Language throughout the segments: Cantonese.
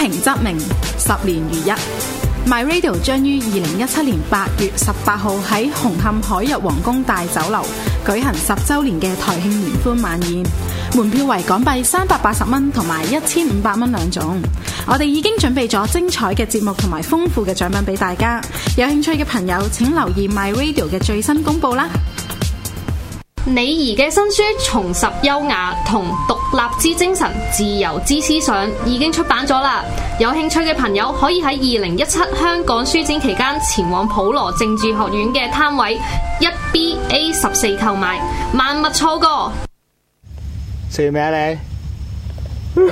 平則名，十年如一。MyRadio 將於二零一七年八月十八號喺紅磡海逸皇宮大酒樓舉行十周年嘅台慶聯歡晚宴，門票為港幣三百八十蚊同埋一千五百蚊兩種。我哋已經準備咗精彩嘅節目同埋豐富嘅獎品俾大家，有興趣嘅朋友請留意 MyRadio 嘅最新公布啦。李儀嘅新書《重拾優雅同獨立之精神，自由之思想》已經出版咗啦！有興趣嘅朋友可以喺二零一七香港書展期間前往普羅政治學院嘅攤位一 BA 十四購買。萬勿錯過，食完笑咩你。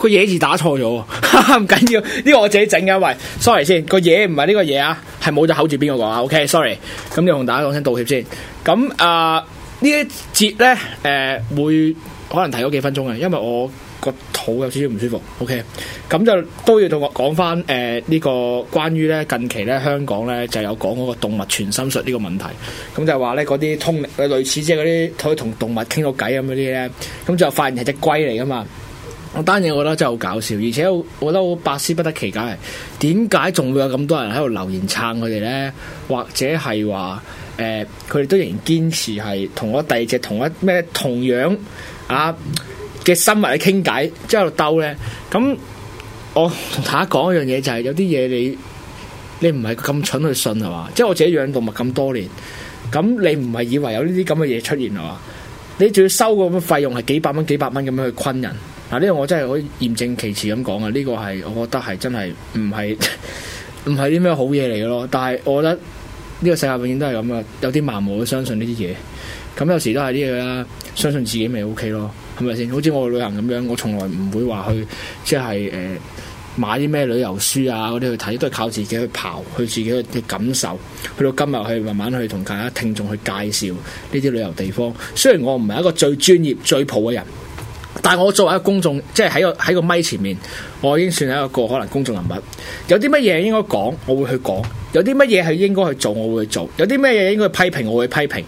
個嘢字打錯咗，唔 緊要，要，呢、這個我自己整嘅。喂，sorry 先，個嘢唔係呢個嘢啊，係冇咗口字邊個講啊，OK，sorry，、okay，咁你同大家講聲道歉先，咁啊呢一節咧，誒、呃、會可能提咗幾分鐘啊，因為我個肚有少少唔舒服，OK，咁就都要同我講翻誒呢個關於咧近期咧香港咧就有講嗰個動物傳心術呢個問題，咁就話咧嗰啲通類似即係嗰啲可以同動物傾到偈咁嗰啲咧，咁就發現係隻龜嚟噶嘛。我單嘢，我覺得真係好搞笑，而且我我覺得我百思不得其解，點解仲會有咁多人喺度留言撐佢哋呢？或者係話誒，佢、呃、哋都仍然堅持係同我第二隻同一咩同，同，同樣啊嘅生物去傾偈，即係喺度兜呢？咁我同大家講一樣嘢，就是，就係有啲嘢你你唔係咁蠢去信係嘛？即係我自己養動物咁多年，咁你唔係以為有呢啲咁嘅嘢出現係嘛？你仲要收個咁嘅費用，係幾百蚊，幾百蚊咁樣去昆人。嗱呢個我真係可以言正其詞咁講啊！呢個係我覺得係真係唔係唔係啲咩好嘢嚟嘅咯。但係我覺得呢個世界永遠都係咁啊！有啲盲目相信呢啲嘢，咁有時都係呢嘢啦。相信自己咪 O K 咯，係咪先？好似我旅行咁樣，我從來唔會話去即係誒買啲咩旅遊書啊嗰啲去睇，都係靠自己去刨，去自己去感受。去到今日去慢慢去同其他聽眾去介紹呢啲旅遊地方。雖然我唔係一個最專業、最普嘅人。但係我作為一個公眾，即係喺個喺個咪前面，我已經算係一個可能公眾人物。有啲乜嘢應該講，我會去講；有啲乜嘢係應該去做，我會去做；有啲乜嘢應該批評，我會去批評；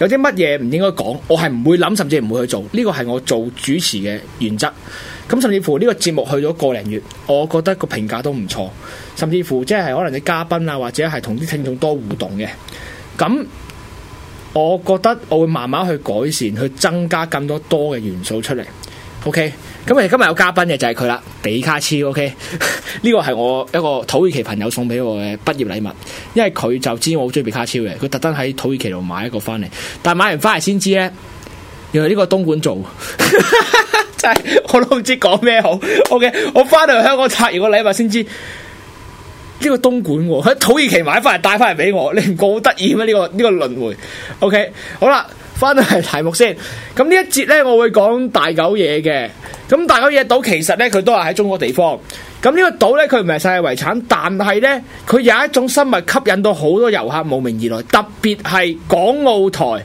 有啲乜嘢唔應該講，我係唔會諗，甚至唔會去做。呢個係我做主持嘅原則。咁甚至乎呢個節目去咗個零月，我覺得個評價都唔錯。甚至乎即係可能啲嘉賓啊，或者係同啲聽眾多互動嘅。咁我覺得我會慢慢去改善，去增加更多多嘅元素出嚟。O K，咁啊今日有嘉賓嘅就係佢啦，比卡超。O K，呢個係我一個土耳其朋友送俾我嘅畢業禮物，因為佢就知我好中意比卡超嘅，佢特登喺土耳其度買一個翻嚟，但係買完翻嚟先知咧，原來呢個東莞做，真 係 我都唔知講咩好。O K，我翻到去香港拆完個禮物先知，呢個東莞喎，喺土耳其買翻嚟帶翻嚟俾我，你唔覺好得意咩？呢個呢個輪回。O K，好啦。翻到嚟題目先，咁呢一節呢，我會講大久野嘅，咁大久野島其實呢，佢都係喺中國地方，咁呢個島呢，佢唔係世界遺產，但係呢，佢有一種生物吸引到好多遊客慕名而來，特別係港澳台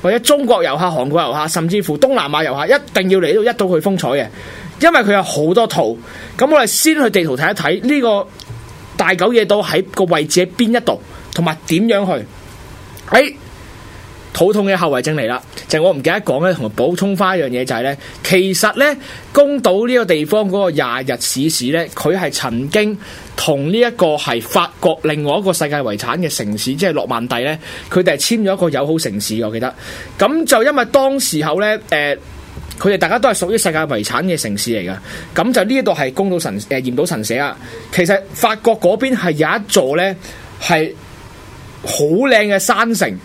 或者中國遊客、韓國遊客，甚至乎東南亞遊客一定要嚟到一睹佢風采嘅，因為佢有好多圖。咁我哋先去地圖睇一睇呢個大久野島喺個位置喺邊一度，同埋點樣去？喺、哎。肚痛嘅後遺症嚟啦，就是、我唔記得講咧，同埋補充翻一樣嘢就係、是、咧，其實咧，宮島呢個地方嗰個廿日市市咧，佢係曾經同呢一個係法國另外一個世界遺產嘅城市，即係諾曼第咧，佢哋係簽咗一個友好城市我記得。咁就因為當時候咧，誒、呃，佢哋大家都係屬於世界遺產嘅城市嚟噶，咁就呢一度係宮島神誒嚴島神社啊。其實法國嗰邊係有一座咧係好靚嘅山城。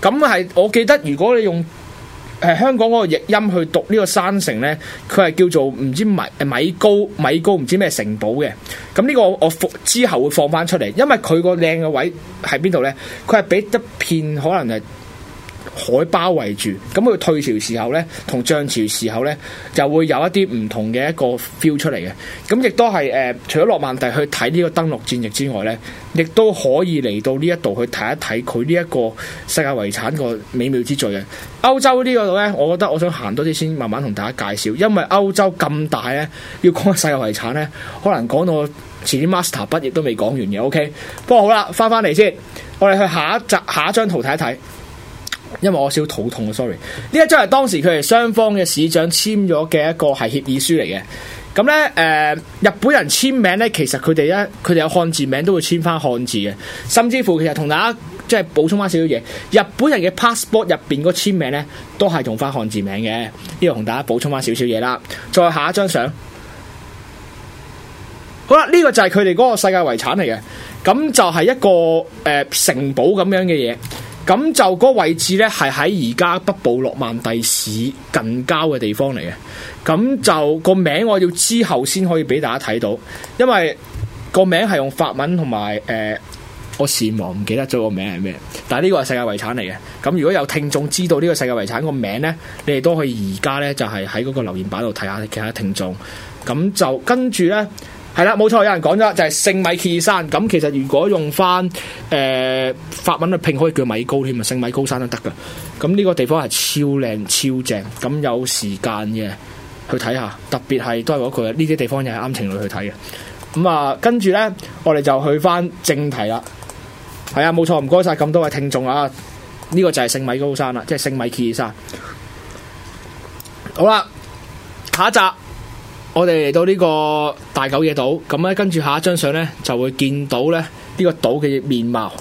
咁係，我記得如果你用誒香港嗰個譯音去讀呢個山城咧，佢係叫做唔知米米高米高唔知咩城堡嘅。咁呢個我放之後會放翻出嚟，因為佢個靚嘅位喺邊度咧？佢係俾一片可能誒。海包圍住，咁佢退潮時候呢，同漲潮時候呢，就會有一啲唔同嘅一個 feel 出嚟嘅。咁亦都係誒、呃，除咗諾曼第去睇呢個登陸戰役之外呢，亦都可以嚟到呢一度去睇一睇佢呢一個世界遺產個美妙之最嘅。歐洲呢個度呢，我覺得我想行多啲先，慢慢同大家介紹，因為歐洲咁大呢，要講世界遺產呢，可能講到遲啲 master 畢業都未講完嘅。OK，不過好啦，翻翻嚟先，我哋去下一集下一張圖睇一睇。因為我少肚痛啊，sorry。呢一張係當時佢哋雙方嘅市長簽咗嘅一個係協議書嚟嘅。咁咧，誒、呃，日本人簽名咧，其實佢哋咧，佢哋有漢字名都會簽翻漢字嘅，甚至乎其實同大家即係補充翻少少嘢。日本人嘅 passport 入邊嗰簽名咧，都係用翻漢字名嘅。呢度同大家補充翻少少嘢啦。再下一張相，好啦，呢、這個就係佢哋嗰個世界遺產嚟嘅，咁就係一個誒、呃、城堡咁樣嘅嘢。咁就嗰位置呢，係喺而家北部洛曼第市近郊嘅地方嚟嘅。咁就個名我要之後先可以俾大家睇到，因為個名係用法文同埋誒，我善忘唔記得咗個名係咩。但係呢個係世界遺產嚟嘅。咁如果有聽眾知道呢個世界遺產個名呢，你哋都可以而家呢，就係喺嗰個留言板度睇下其他聽眾。咁就跟住呢。係啦，冇錯，有人講咗就係、是、聖米奇爾山。咁其實如果用翻誒、呃、法文去拼，可以叫米高添啊，聖米高山都得噶。咁呢個地方係超靚超正，咁有時間嘅去睇下，特別係都係嗰句呢啲地方又係啱情侶去睇嘅。咁、嗯、啊，跟住呢，我哋就去翻正題啦。係啊，冇錯，唔該晒咁多位聽眾啊。呢、這個就係聖米高山啦，即係聖米奇爾山。好啦，下一集。我哋嚟到呢個大久野島，咁咧跟住下一張相呢，就會見到咧呢個島嘅面貌。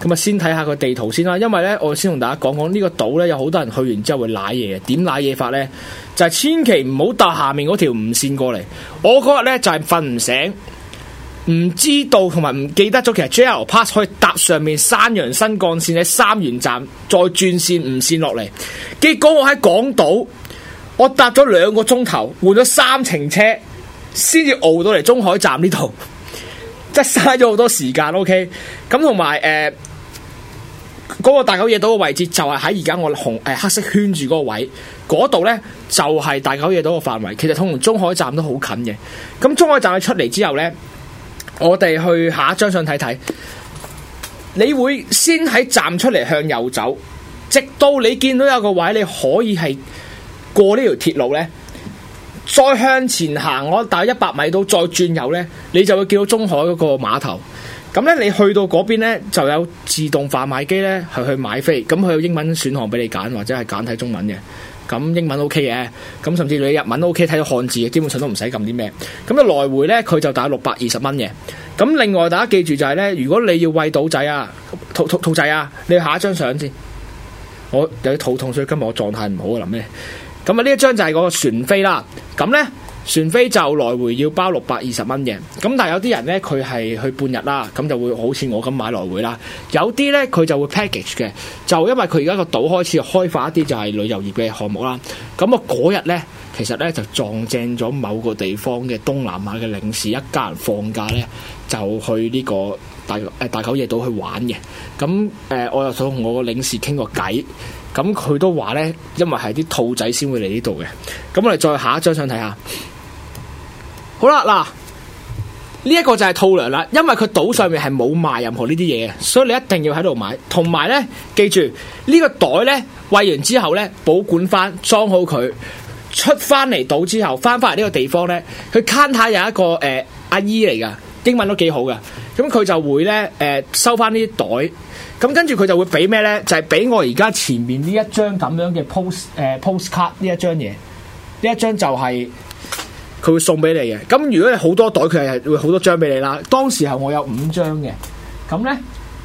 咁啊，先睇下個地圖先啦，因為呢，我先同大家講講呢、這個島呢，有好多人去完之後會舐嘢，點舐嘢法呢？就係、是、千祈唔好搭下面嗰條五綫過嚟。我嗰日呢，就係瞓唔醒，唔知道同埋唔記得咗，其實 JR Pass 可以搭上面山陽新幹綫喺三元站再轉綫五綫落嚟。結果我喺港島。我搭咗兩個鐘頭，換咗三程車，先至熬到嚟中海站呢度，即係嘥咗好多時間。OK，咁同埋誒，嗰個大久野島嘅位置就係喺而家我紅誒、呃、黑色圈住嗰個位嗰度呢，就係大久野島嘅範圍。其實同中海站都好近嘅。咁中海站出嚟之後呢，我哋去下一張相睇睇，你會先喺站出嚟向右走，直到你見到有個位，你可以係。過呢條鐵路呢，再向前行我大約一百米到，再轉右呢，你就會見到中海嗰個碼頭。咁呢，你去到嗰邊呢，就有自動販賣機呢，係去買飛。咁佢有英文選項俾你揀，或者係揀睇中文嘅。咁英文 OK 嘅，咁甚至你日文都 OK，睇到漢字嘅，基本上都唔使撳啲咩。咁啊來回呢，佢就大約六百二十蚊嘅。咁另外大家記住就係、是、呢：如果你要餵兔仔啊，兔兔兔仔啊，你下一張相先。我有啲肚痛，所以今日我狀態唔好啊，諗咩？咁啊，呢一張就係個船飛啦。咁呢船飛就來回要包六百二十蚊嘅。咁但係有啲人呢，佢係去半日啦，咁就會好似我咁買來回啦。有啲呢，佢就會 package 嘅。就因為佢而家個島開始開發一啲就係旅遊業嘅項目啦。咁啊，嗰日呢，其實呢，就撞正咗某個地方嘅東南亞嘅領事一家人放假呢，就去呢個大誒、呃、大久野島去玩嘅。咁誒、呃，我又想同我個領事傾個偈。咁佢都話呢，因為係啲兔仔先會嚟呢度嘅。咁我哋再下一張相睇下。好啦，嗱，呢、這、一個就係兔糧啦。因為佢島上面係冇賣任何呢啲嘢嘅，所以你一定要喺度買。同埋呢，記住呢、這個袋呢，餵完之後呢，保管翻，裝好佢，出翻嚟島之後，翻返嚟呢個地方呢，佢 counter 有一個誒、呃、阿姨嚟㗎，英文都幾好嘅。咁佢就會咧，誒收翻呢啲袋，咁跟住佢就會俾咩咧？就係、是、俾我而家前面呢一張咁樣嘅 post 誒、呃、postcard 呢一張嘢，呢一張就係佢會送俾你嘅。咁如果你好多袋，佢係會好多張俾你啦。當時候我有五張嘅，咁咧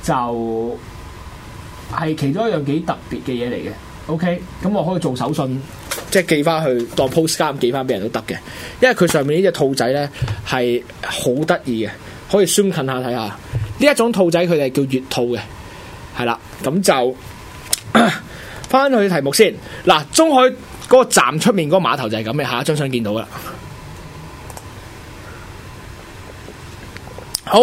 就係、是、其中一樣幾特別嘅嘢嚟嘅。OK，咁我可以做手信，即、就、係、是、寄翻去當 postcard 寄翻俾人都得嘅，因為佢上面隻呢隻兔仔咧係好得意嘅。可以宣近下睇下，呢一種兔仔佢哋係叫月兔嘅。係啦，咁就翻去 題目先。嗱，中海嗰個站出面嗰個碼頭就係咁嘅，下一張相見到啦。好，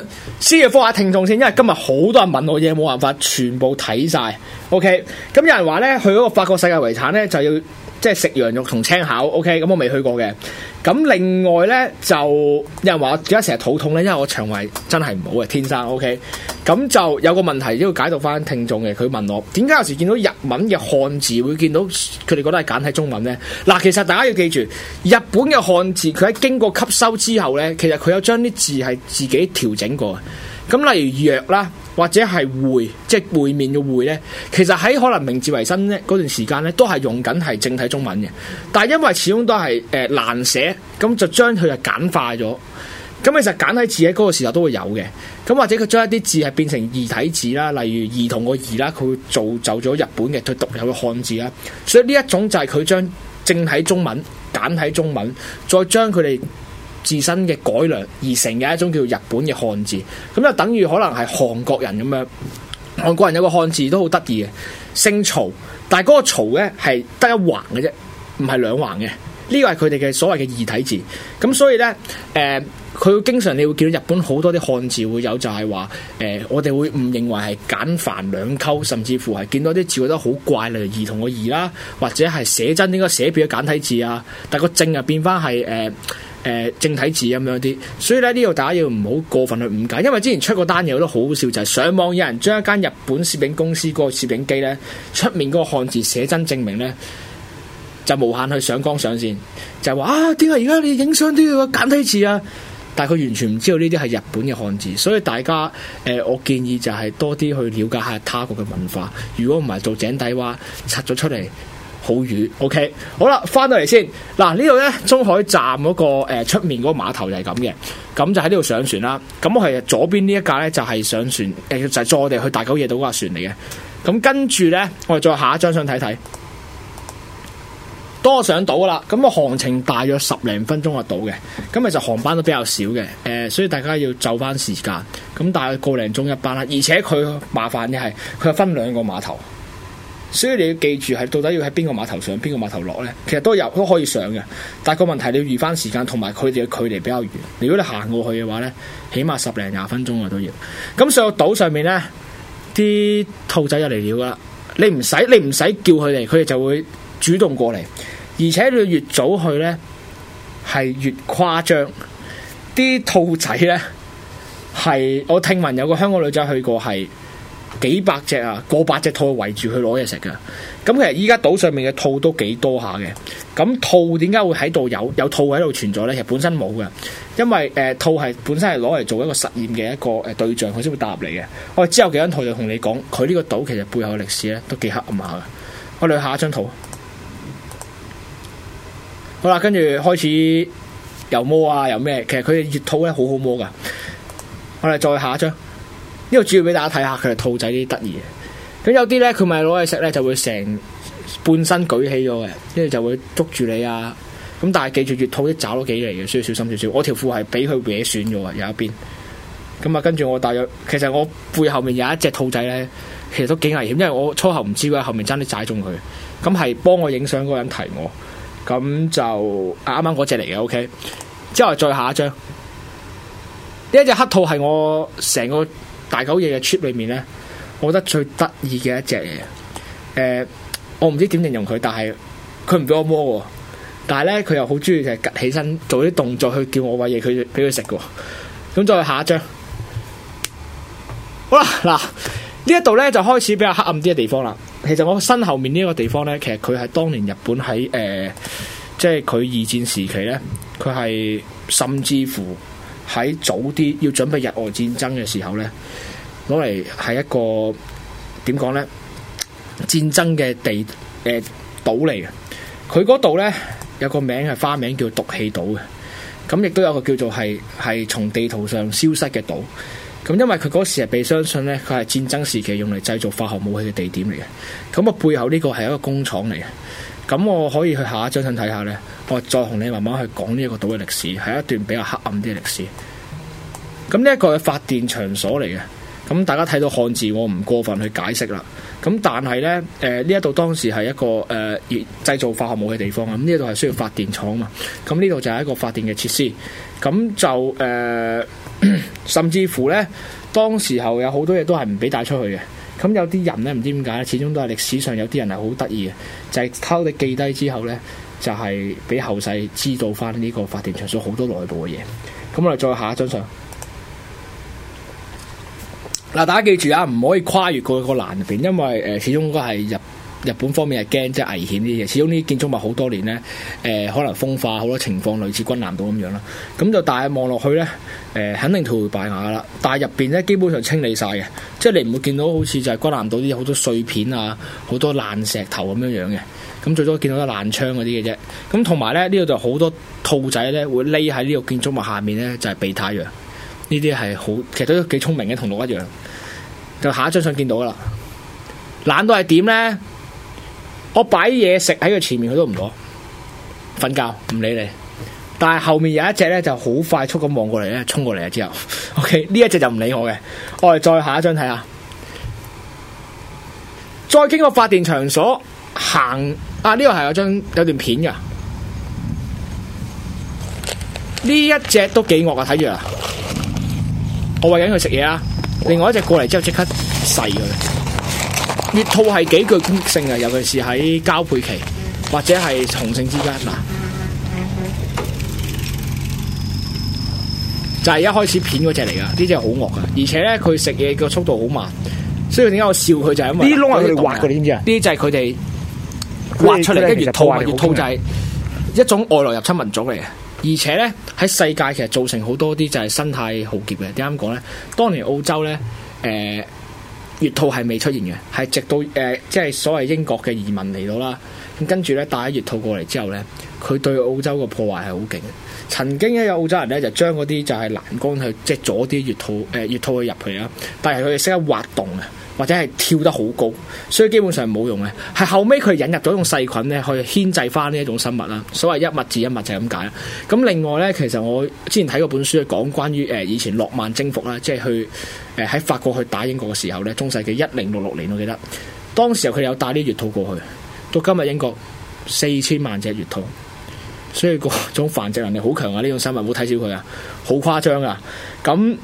先要科下聽眾先，因為今日好多人問我嘢，冇辦法全部睇晒。OK，咁有人話咧，去嗰個法國世界遺產咧就要。即係食羊肉同青口，OK，咁我未去過嘅。咁另外呢，就有人話，而家成日肚痛呢，因為我腸胃真係唔好嘅，天生 OK。咁就有個問題要解讀翻聽眾嘅，佢問我點解有時見到日文嘅漢字會見到佢哋覺得係簡體中文呢？」嗱，其實大家要記住，日本嘅漢字佢喺經過吸收之後呢，其實佢有將啲字係自己調整過。咁例如約啦，或者係會即係會面嘅會咧，其實喺可能明治維新咧嗰段時間咧，都係用緊係正體中文嘅。但係因為始終都係誒、呃、難寫，咁就將佢又簡化咗。咁其實簡體字喺嗰個時候都會有嘅。咁或者佢將一啲字係變成異體字啦，例如兒童個兒啦，佢會造就咗日本嘅佢獨有嘅漢字啦。所以呢一種就係佢將正體中文簡體中文，再將佢哋，自身嘅改良而成嘅一種叫日本嘅漢字，咁就等於可能係韓國人咁樣。韓國人有個漢字都好得意嘅，姓曹，但係嗰個曹咧係得一橫嘅啫，唔係兩橫嘅。呢個係佢哋嘅所謂嘅異體字。咁所以呢，誒、呃、佢經常你會見到日本好多啲漢字會有就係話，誒、呃、我哋會唔認為係簡繁兩溝，甚至乎係見到啲字覺得好怪，例如兒童嘅兒啦，或者係寫真應該寫別嘅簡體字啊，但個正又變翻係誒。呃誒、呃、正體字咁樣啲，所以咧呢度大家要唔好過分去誤解，因為之前出過單嘢我都好笑，就係、是、上網有人將一間日本攝影公司攝影機個攝影機呢出面嗰個漢字寫真證明呢，就無限去上綱上線，就話啊點解而家你影相都要個、啊、簡體字啊？但係佢完全唔知道呢啲係日本嘅漢字，所以大家誒、呃、我建議就係多啲去了解下他國嘅文化，如果唔係做井底蛙，拆咗出嚟。好魚，OK，好啦，翻到嚟先。嗱，呢度呢，中海站嗰、那個誒出、呃、面嗰個碼頭就係咁嘅，咁、嗯、就喺呢度上船啦。咁我係左邊呢一架呢，就係、是、上船誒、呃，就係、是、載我哋去大久野島嗰架船嚟嘅。咁、嗯、跟住呢，我哋再下一張相睇睇。當我上島啦，咁、嗯、個行程大約十零分鐘就到嘅。咁、嗯、其實航班都比較少嘅，誒、呃，所以大家要走翻時間，咁、嗯、大概個零鐘一班啦。而且佢麻煩嘅係，佢分兩個碼頭。所以你要記住係到底要喺邊個碼頭上邊個碼頭落呢？其實都有都可以上嘅，但係個問題，你要預翻時間，同埋佢哋嘅距離比較遠，如果你行過去嘅話呢，起碼十零廿分鐘啊都要。咁上到島上面呢，啲兔仔就嚟了噶啦，你唔使你唔使叫佢哋，佢哋就會主動過嚟。而且你越早去呢，係越誇張。啲兔仔呢，係我聽聞有個香港女仔去過係。幾百隻啊，過百隻兔圍住佢攞嘢食噶。咁其實依家島上面嘅兔都幾多下嘅。咁兔點解會喺度有？有兔喺度存在呢？其實本身冇嘅，因為誒、呃、兔係本身係攞嚟做一個實驗嘅一個誒對象，佢先會踏入嚟嘅。我哋之後幾張圖就同你講，佢呢個島其實背後嘅歷史咧都幾黑暗下噶。我哋去下一張圖，好啦，跟住開始又摸啊，又咩？其實佢嘅熱兔咧好好摸噶。我哋再下一張。呢個主要俾大家睇下，佢係兔仔啲得意嘅。咁有啲呢，佢咪攞嚟食呢，就會成半身舉起咗嘅，跟住就會捉住你啊。咁但係記住，月兔啲爪都幾嚟嘅，需要小心少少。我條褲係俾佢搲損咗啊，有一邊咁啊。跟住我大約其實我背後面有一隻兔仔呢，其實都幾危險，因為我初後唔知佢喺後面爭啲踩中佢。咁係幫我影相嗰個人提我，咁就啱啱嗰隻嚟嘅。OK，之後再下一張呢一隻黑兔係我成個。大久野嘅 trip 裏面呢，我覺得最得意嘅一隻嘢，誒、呃，我唔知點形容佢，但係佢唔俾我摸嘅，但係呢，佢又好中意起身做啲動作去叫我餵嘢佢，俾佢食嘅。咁、嗯、再下一張，好啦，嗱呢一度呢，就開始比較黑暗啲嘅地方啦。其實我身後面呢一個地方呢，其實佢係當年日本喺誒、呃，即係佢二戰時期呢，佢係甚至乎，喺早啲要準備日俄戰爭嘅時候呢，攞嚟係一個點講呢？戰爭嘅地誒島嚟嘅，佢嗰度呢，有個名係花名叫毒氣島嘅，咁亦都有個叫做係係從地圖上消失嘅島。咁因為佢嗰時係被相信呢，佢係戰爭時期用嚟製造化學武器嘅地點嚟嘅，咁啊背後呢個係一個工廠嚟嘅。咁我可以去下一張相睇下呢。我再同你慢慢去講呢一個島嘅歷史，係一段比較黑暗啲嘅歷史。咁呢一個係發電場所嚟嘅，咁大家睇到漢字我唔過分去解釋啦。咁但係呢，誒呢一度當時係一個誒、呃、製造化學武器嘅地方啊，咁呢度係需要發電廠啊嘛。咁呢度就係一個發電嘅設施。咁就誒、呃，甚至乎呢，當時候有好多嘢都係唔俾帶出去嘅。咁有啲人咧，唔知點解咧，始終都係歷史上有啲人係好得意嘅，就係、是、偷你記低之後咧，就係、是、俾後世知道返呢個發電場所好多內部嘅嘢。咁我哋再下一張相。嗱，大家記住啊，唔可以跨越過個個欄邊，因為誒始終都係入。日本方面係驚，即係危險啲嘢。始終呢啲建築物好多年呢，誒、呃、可能風化好多情況，類似軍艦島咁樣啦。咁就大嘅望落去呢，誒、呃、肯定頹垣敗瓦啦。但係入邊呢，基本上清理晒嘅，即係你唔會見到好似就係軍艦島啲好多碎片啊，好多爛石頭咁樣樣嘅。咁最多見到啲爛窗嗰啲嘅啫。咁同埋呢，呢度就好多兔仔呢會匿喺呢個建築物下面呢，就係、是、避太陽。呢啲係好，其實都幾聰明嘅，同鹿一樣。就下一張相見到啦。爛到係點呢？我擺嘢食喺佢前面，佢都唔攞，瞓覺唔理你。但係後面有一隻咧，就好快速咁望過嚟咧，衝過嚟啊！之後 ，OK 呢一隻就唔理我嘅。我哋再下一張睇下，再經過發電場所行啊！呢個係有張有段片噶，呢一隻都幾惡啊！睇住啊，我餵緊佢食嘢啊，另外一隻過嚟之後即刻細佢。月兔係極具攻擊性嘅，尤其是喺交配期或者係雄性之間嗱，就係一開始片嗰隻嚟噶，呢隻好惡噶，而且咧佢食嘢嘅速度好慢，所以點解我笑佢就係、是、因為啲窿佢哋挖你知唔知啊？啲就係佢哋挖出嚟，嘅月兔咪月兔就係一種外來入侵民族嚟嘅，而且咧喺世界其實造成多好多啲就係生態浩劫嘅。點解咁講咧？當年澳洲咧，誒、呃。月兔係未出現嘅，係直到誒、呃、即係所謂英國嘅移民嚟到啦，咁跟住咧帶咗月兔過嚟之後咧，佢對澳洲嘅破壞係好勁嘅。曾經咧有澳洲人咧就將嗰啲就係欄杆去即係阻啲月兔誒、呃、月兔去入去啦，但係佢哋識得滑洞啊。或者係跳得好高，所以基本上冇用嘅。係後尾，佢引入咗一種細菌咧，去牽制翻呢一種生物啦。所謂一物治一物就係咁解啦。咁另外呢，其實我之前睇過本書咧，講關於誒，以前諾曼征服啦，即係去誒喺、呃、法國去打英國嘅時候呢，中世紀一零六六年我記得，當時佢有帶啲月兔過去，到今日英國四千萬隻月兔，所以個種繁殖能力好強啊！呢種生物唔好睇小佢啊，好誇張啊！咁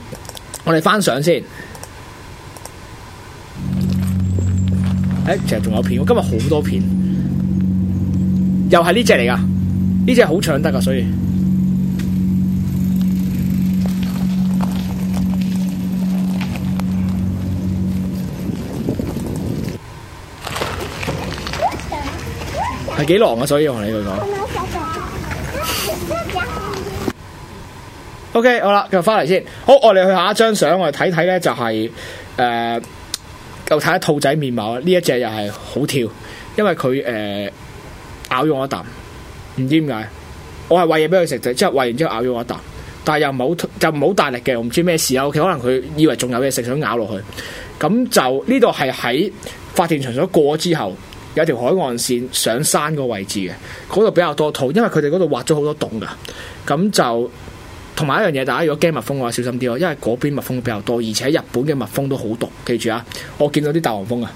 我哋翻相先。.誒、哎，其實仲有片，我今日好多片，又係呢隻嚟噶，呢隻好搶得噶，所以係 幾狼啊！所以我同你佢講。 o、okay, K，好啦，繼續翻嚟先。好，我哋去下一張相，我哋睇睇咧，就係誒。又睇下兔仔面貌啊！呢一隻又係好跳，因為佢誒、呃、咬咗我一啖，唔知點解。我係餵嘢俾佢食，就之後餵完之後咬咗我一啖，但係又唔好，就唔好大力嘅，我唔知咩事啊。佢可能佢以為仲有嘢食想咬落去，咁就呢度係喺發電場所過之後，有條海岸線上山個位置嘅，嗰度比較多兔，因為佢哋嗰度挖咗好多洞㗎，咁就。同埋一樣嘢，大家如果驚蜜蜂嘅話，小心啲咯，因為嗰邊蜜蜂比較多，而且日本嘅蜜蜂都好毒，記住啊！我見到啲大黃蜂啊，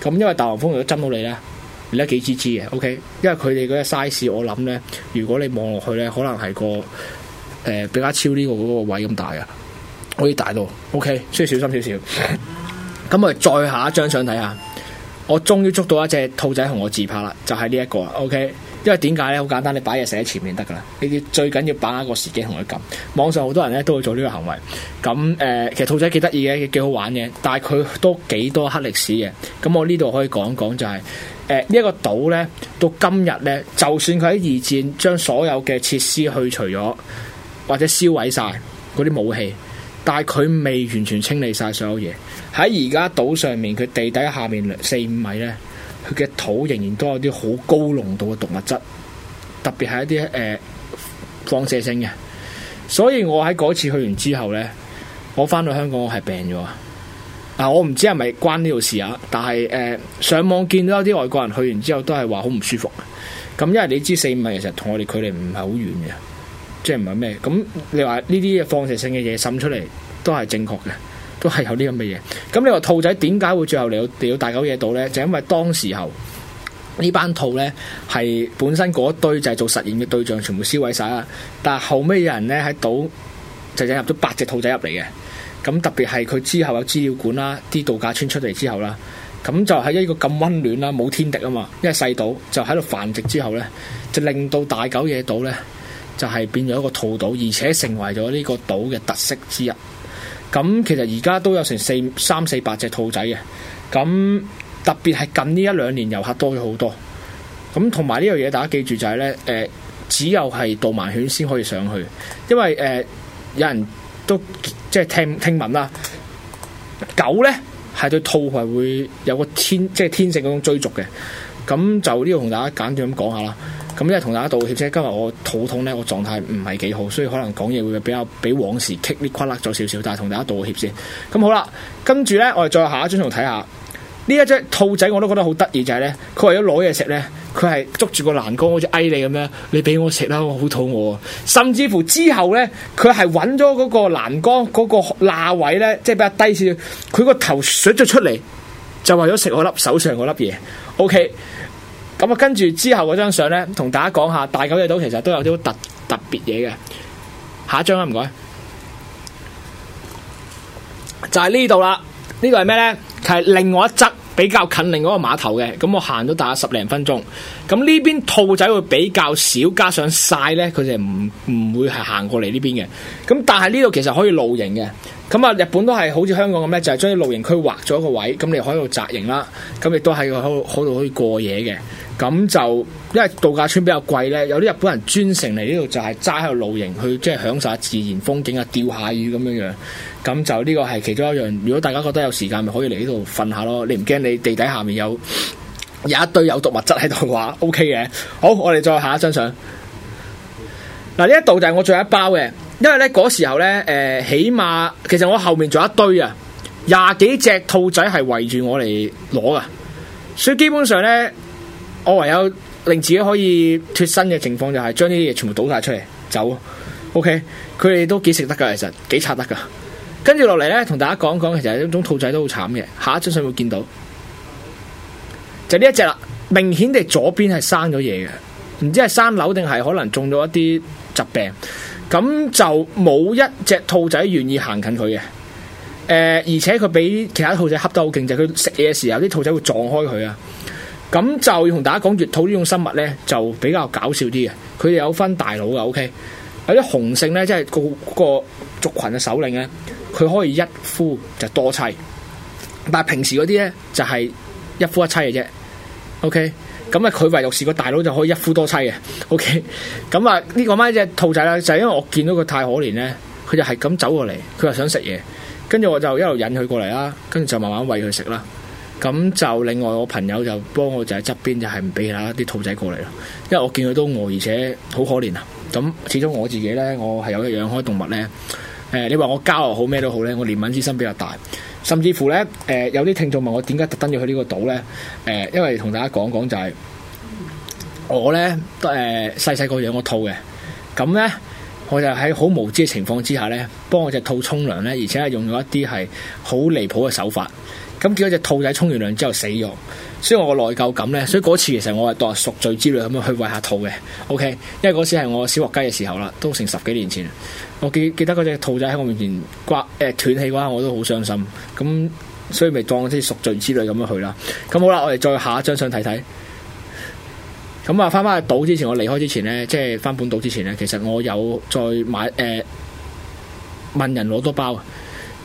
咁因為大黃蜂如果針到你呢，你都幾支支嘅，OK？因為佢哋嗰個 size，我諗呢，如果你望落去呢，可能係個、呃、比較超呢個嗰位咁大啊，可以大到 OK，需要小心少少。咁 我哋再下一張相睇下，我終於捉到一隻兔仔同我自拍啦，就係呢一個啊，OK。因為點解咧？好簡單，你擺嘢寫喺前面得噶啦。你啲最緊要把握個時機同佢撳。網上好多人咧都會做呢個行為。咁誒、呃，其實兔仔幾得意嘅，幾好玩嘅，但係佢都幾多黑歷史嘅。咁我呢度可以講講就係誒呢一個島咧，到今日咧，就算佢喺二戰將所有嘅設施去除咗或者燒毀晒嗰啲武器，但係佢未完全清理晒所有嘢。喺而家島上面，佢地底下面四五米咧。佢嘅土仍然都有啲好高濃度嘅毒物質，特別係一啲誒、呃、放射性嘅。所以我喺嗰次去完之後呢，我返到香港我係病咗啊！我唔知係咪關呢度事啊，但係誒、呃，上網見到有啲外國人去完之後都係話好唔舒服。咁因為你知四五米其實同我哋距離唔係好遠嘅，即係唔係咩？咁你話呢啲放射性嘅嘢滲出嚟都係正確嘅。都係有呢咁嘅嘢，咁你話兔仔點解會最後嚟到嚟到大久野島呢？就因為當時候呢班兔呢，係本身嗰堆就係做實驗嘅對象，全部銷毀晒啦。但後尾有人呢，喺島就引入咗八隻兔仔入嚟嘅，咁特別係佢之後有資料館啦，啲度假村出嚟之後啦，咁就喺一個咁溫暖啦、冇天敵啊嘛，因為細島就喺度繁殖之後呢，就令到大久野島呢，就係、是、變咗一個兔島，而且成為咗呢個島嘅特色之一。咁其實而家都有成四三四百隻兔仔嘅，咁特別係近呢一兩年遊客多咗好多。咁同埋呢樣嘢，大家記住就係、是、呢，誒、呃、只有係導盲犬先可以上去，因為誒、呃、有人都即係聽聽聞啦，狗呢，係對兔係會有個天即係天性嗰種追逐嘅，咁就呢度同大家簡短咁講下啦。咁一係同大家道歉先，今日我肚痛咧，我狀態唔係幾好，所以可能講嘢會比較比往時棘啲垮甩咗少少，但係同大家道歉先。咁好啦，跟住咧我哋再下一張圖睇下呢一隻兔仔，我都覺得好得意，就係咧佢為咗攞嘢食咧，佢係捉住個欄杆好似埃你咁樣，你俾我食啦，我好肚餓啊。甚至乎之後咧，佢係揾咗嗰個欄杆嗰個罅位咧，即係比較低少少。佢個頭甩咗出嚟，就為咗食我粒手上嗰粒嘢。OK。咁啊，跟住之後嗰張相呢，同大家講下大久野島其實都有啲特特別嘢嘅。下一張啦，唔該，就係呢度啦。呢度係咩呢？係另外一側比較近另外一個碼頭嘅。咁我行咗大概十零分鐘。咁呢邊兔仔會比較少，加上晒呢，佢哋唔唔會係行過嚟呢邊嘅。咁但係呢度其實可以露營嘅。咁啊，日本都係好似香港咁呢就係將啲露營區劃咗一個位，咁你可以度紮營啦，咁亦都喺度可以過夜嘅。咁就因為度假村比較貴呢，有啲日本人專程嚟呢度就係齋喺度露營，去即係享受下自然風景啊，釣下魚咁樣樣。咁就呢個係其中一樣。如果大家覺得有時間，咪可以嚟呢度瞓下咯。你唔驚你地底下面有有一堆有毒物質喺度嘅話，OK 嘅。好，我哋再下一張相。嗱，呢一度就係我最後一包嘅。因為咧嗰時候咧，誒、呃，起碼其實我後面仲有一堆啊，廿幾隻兔仔係圍住我嚟攞噶，所以基本上咧，我唯有令自己可以脱身嘅情況就係將呢啲嘢全部倒晒出嚟走。OK，佢哋都幾食得噶，其實幾拆得噶。跟住落嚟咧，同大家講講，其實呢種兔仔都好慘嘅，下一張相會見到，就呢一隻啦，明顯地左邊係生咗嘢嘅，唔知係生瘤定係可能中咗一啲疾病。咁就冇一隻兔仔願意行近佢嘅、呃，而且佢俾其他兔仔恰得好勁，就係佢食嘢嘅時候，啲兔仔會撞開佢啊！咁就同大家講，穴兔呢種生物呢，就比較搞笑啲嘅。佢哋有分大佬嘅，OK，有啲雄性呢，即係個,個族群嘅首領呢，佢可以一夫，就多妻，但係平時嗰啲呢，就係、是、一夫一妻嘅啫，OK。咁啊，佢唯獨是個大佬就可以一夫多妻嘅，OK。咁啊，呢個乜隻兔仔咧，就係、因為我見到佢太可憐咧，佢就係咁走過嚟，佢又想食嘢，跟住我就一路引佢過嚟啦，跟住就慢慢餵佢食啦。咁就另外我朋友就幫我就喺側邊就係唔俾下啲兔仔過嚟咯，因為我見佢都餓，而且好可憐啊。咁始終我自己咧，我係有養開動物咧。誒、呃，你話我交又好咩都好咧，我憐憫之心比較大。甚至乎、呃、呢，誒有啲聽眾問我點解特登要去呢個島呢？誒，因為同大家講講就係、是、我呢，誒細細個養個兔嘅，咁呢，我就喺好無知嘅情況之下呢，幫我隻兔沖涼呢，而且係用咗一啲係好離譜嘅手法，咁結果隻兔仔沖完涼之後死咗。所以我個內疚感呢，所以嗰次其實我係當贖罪之類咁樣去餵下兔嘅，OK？因為嗰時係我小學雞嘅時候啦，都成十幾年前。我記得記得嗰隻兔仔喺我面前刮誒斷氣嗰下，我都好傷心。咁所以咪當即係贖罪之類咁樣去啦。咁好啦，我哋再下一張相睇睇。咁啊，翻返去島之前，我離開之前呢，即係翻本島之前呢，其實我有再買誒、呃、問人攞多包。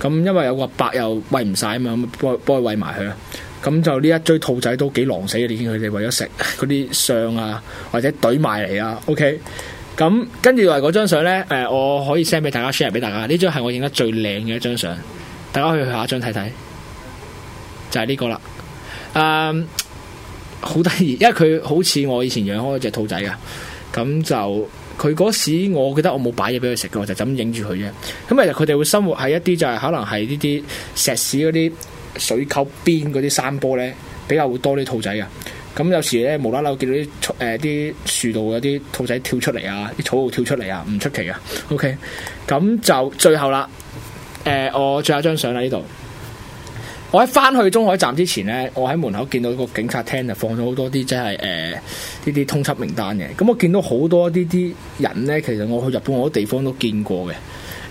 咁因為有個伯又餵唔晒啊嘛，幫幫佢餵埋佢。咁就呢一堆兔仔都幾狼死嘅，已經佢哋為咗食嗰啲相啊，或者堆埋嚟啊，OK。咁跟住話嗰張相呢，誒、呃、我可以 send 俾大家 share 俾大家。呢張係我影得最靚嘅一張相，大家可以去下張睇睇，就係、是、呢個啦。誒、嗯，好得意，因為佢好似我以前養開嗰隻兔仔嘅。咁就佢嗰時，我記得我冇擺嘢俾佢食嘅，我就咁影住佢啫。咁其實佢哋會生活喺一啲就係、是、可能係呢啲石屎嗰啲。水溝邊嗰啲山坡呢，比較會多啲兔仔嘅。咁有時呢，無啦啦見到啲草啲樹度有啲兔仔跳出嚟啊，啲草度跳出嚟啊，唔出奇啊。OK，咁就最後啦，呃，我最後一張相喺呢度。我喺返去中海站之前呢，我喺門口見到個警察廳放就放咗好多啲即係誒呢啲通緝名單嘅。咁我見到好多呢啲人呢，其實我去日本好多地方都見過嘅。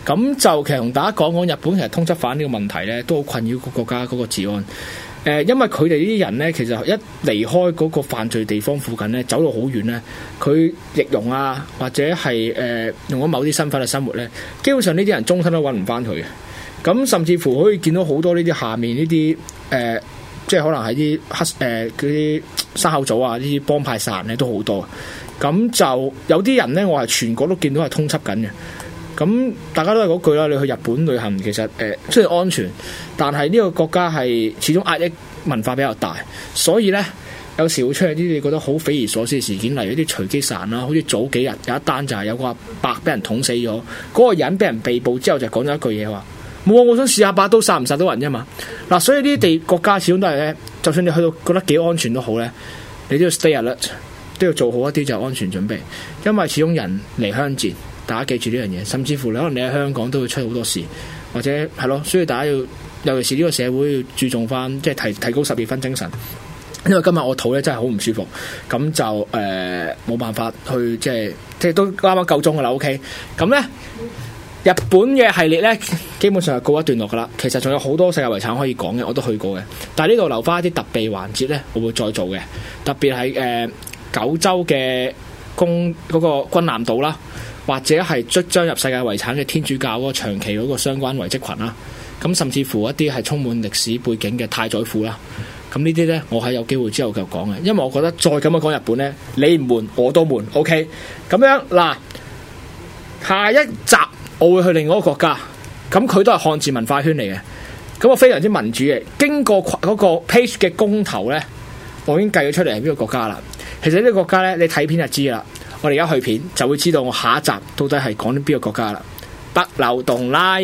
咁就其實同大家講講日本其實通緝犯呢個問題呢，都好困擾個國家嗰個治安。誒、呃，因為佢哋呢啲人呢，其實一離開嗰個犯罪地方附近呢，走到好遠呢，佢易容啊，或者係誒、呃、用咗某啲身份嘅生活呢，基本上呢啲人終身都揾唔翻佢嘅。咁、呃、甚至乎可以見到好多呢啲下面呢啲誒，即係可能係啲黑誒啲、呃、山口組啊，呢啲幫派殺人呢都好多。咁就有啲人呢，我係全國都見到係通緝緊嘅。咁大家都係嗰句啦，你去日本旅行，其實誒、呃、雖然安全，但係呢個國家係始終壓抑文化比較大，所以呢，有時會出現啲你覺得好匪夷所思嘅事件，例如啲隨機殺啦，好似早幾日有一單就係有個阿伯俾人捅死咗，嗰、嗰個人俾人被捕之後就講咗一句嘢話，冇啊，我想試下把刀殺唔殺到人啫嘛。嗱，所以呢啲地國家始終都係呢，就算你去到覺得幾安全都好呢，你都要 stay alert 都要做好一啲就係安全準備，因為始終人離鄉賤。大家記住呢樣嘢，甚至乎你可能你喺香港都會出好多事，或者係咯，所以大家要尤其是呢個社會要注重翻，即係提提高十二分精神。因為今日我肚咧真係好唔舒服，咁就誒冇、呃、辦法去，即係即係都啱啱夠鐘噶啦。OK，咁呢，日本嘅系列呢基本上係告一段落噶啦。其實仲有好多世界遺產可以講嘅，我都去過嘅，但係呢度留翻一啲特別環節呢，我會再做嘅。特別係誒、呃、九州嘅公嗰個軍艦島啦。或者係即將入世界遺產嘅天主教嗰個長期嗰個相關遺跡群啦，咁甚至乎一啲係充滿歷史背景嘅太宰府啦，咁呢啲呢，我喺有機會之後繼續講嘅，因為我覺得再咁樣講日本呢，你唔悶我都悶，OK？咁樣嗱，下一集我會去另外一個國家，咁佢都係漢字文化圈嚟嘅，咁啊非常之民主嘅，經過嗰個 page 嘅公投呢，我已經計咗出嚟係邊個國家啦。其實呢個國家呢，你睇片就知啦。我哋而家去片，就會知道我下一集到底係講啲邊個國家啦。北漏洞拉。